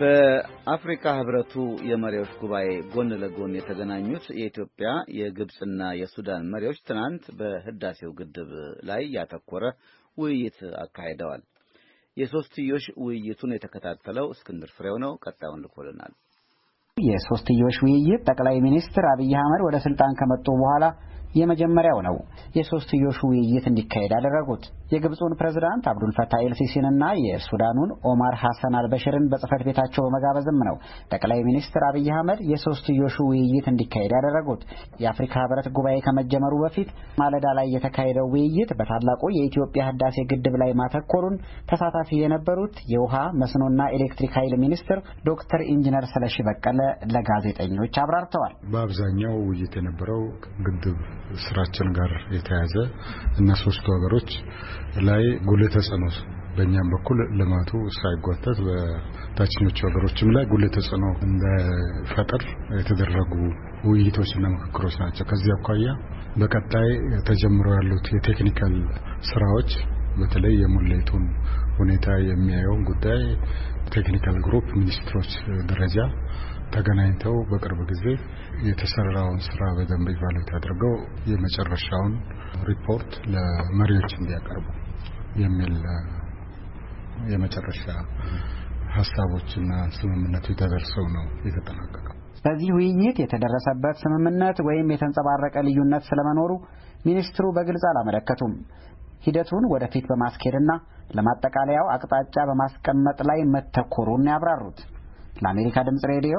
በአፍሪካ ህብረቱ የመሪዎች ጉባኤ ጎን ለጎን የተገናኙት የኢትዮጵያ የግብፅና የሱዳን መሪዎች ትናንት በህዳሴው ግድብ ላይ ያተኮረ ውይይት አካሂደዋል። የሶስትዮሽ ውይይቱን የተከታተለው እስክንድር ፍሬው ነው። ቀጣዩን ልኮልናል። የሶስትዮሽ ውይይት ጠቅላይ ሚኒስትር አብይ አህመድ ወደ ስልጣን ከመጡ በኋላ የመጀመሪያው ነው። የሶስትዮሽ ውይይት እንዲካሄድ ያደረጉት የግብፁን ፕሬዝዳንት አብዱልፈታ ኤልሲሲንና የሱዳኑን ኦማር ሐሰን አልበሽርን በጽህፈት ቤታቸው በመጋበዝም ነው ጠቅላይ ሚኒስትር አብይ አህመድ የሶስትዮሹ ውይይት እንዲካሄድ ያደረጉት። የአፍሪካ ህብረት ጉባኤ ከመጀመሩ በፊት ማለዳ ላይ የተካሄደው ውይይት በታላቁ የኢትዮጵያ ህዳሴ ግድብ ላይ ማተኮሩን ተሳታፊ የነበሩት የውሃ መስኖና ኤሌክትሪክ ኃይል ሚኒስትር ዶክተር ኢንጂነር ስለሺ በቀለ ለጋዜጠኞች አብራርተዋል። በአብዛኛው ውይይት የነበረው ግድብ ስራችን ጋር የተያዘ እና ሶስቱ ሀገሮች ላይ ጉልህ ተጽዕኖ በእኛም በኩል ልማቱ ሳይጓተት በታችኞቹ ሀገሮችም ላይ ጉልህ ተጽዕኖ እንዳይፈጠር የተደረጉ ውይይቶችና ምክክሮች ናቸው። ከዚህ አኳያ በቀጣይ ተጀምረው ያሉት የቴክኒካል ስራዎች በተለይ የሙሌቱን ሁኔታ የሚያየውን ጉዳይ ቴክኒካል ግሩፕ ሚኒስትሮች ደረጃ ተገናኝተው በቅርብ ጊዜ የተሰራውን ስራ በደንብ ኢቫሉዌት አድርገው የመጨረሻውን ሪፖርት ለመሪዎች እንዲያቀርቡ የሚል የመጨረሻ ሀሳቦችና ስምምነቱ የተደርሰው ነው የተጠናቀቀው። በዚህ ውይይት የተደረሰበት ስምምነት ወይም የተንጸባረቀ ልዩነት ስለመኖሩ ሚኒስትሩ በግልጽ አላመለከቱም። ሂደቱን ወደፊት በማስኬድና ለማጠቃለያው አቅጣጫ በማስቀመጥ ላይ መተኮሩን ያብራሩት። ለአሜሪካ ድምፅ ሬዲዮ